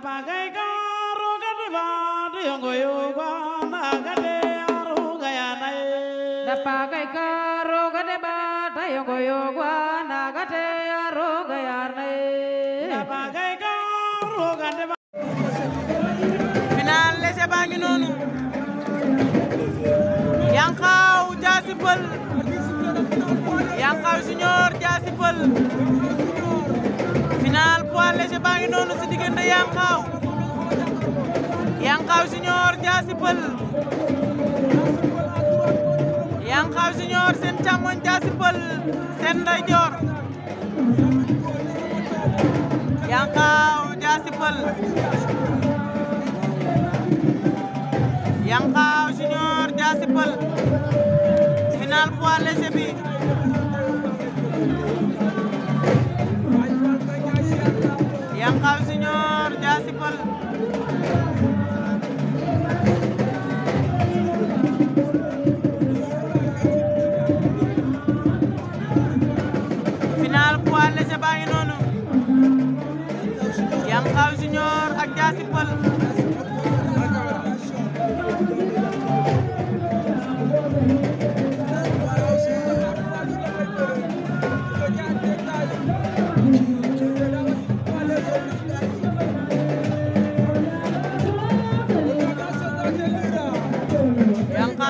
pagai ka roga de ba ta yo go yo gwa na ga te ya roga ya ne pagai ka roga de ba final lese ba ngi nonu yankaw jasi peul yankaw junior jasi peul engagé ngi noonu Junior Diassy Peul Junior seen càmmoñ Diassy seen ndeyjoor Yankaw Diassy Peul Junior Diassy Peul final poids léger bi baa ngi noonu Yankaw Junior ak Jaasi Pël Yankaw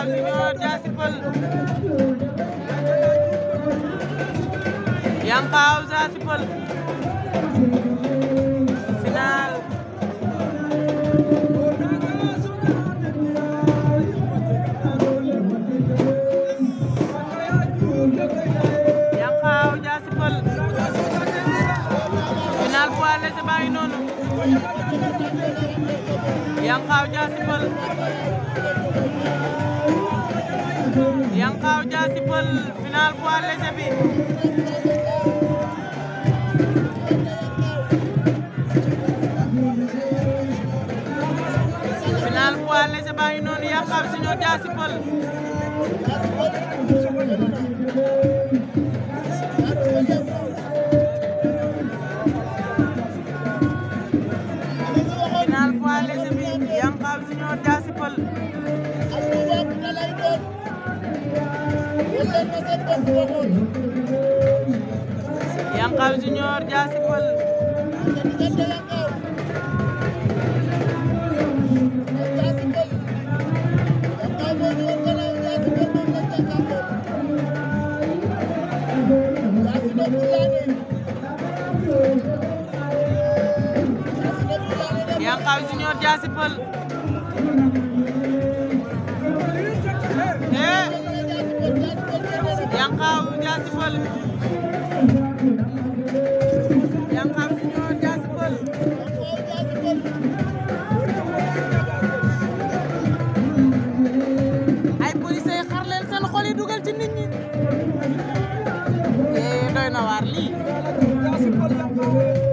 Junior Jaasi Pël Yanka Awsa si pël final Yanka Awsa si pël final bu ale si baa ngi noonu Yanka Awsa si pël Yanka Awsa si pël final bu ale si bi baa ngi noonu Yakhar Junior Diassy Peulh final poids léger bi Yakhar Junior Diassy Peulh Yakhar Junior Diassy Peulh Yankaw Junior Diassy Peulh eh Yankaw Diassy Peulh Thank you.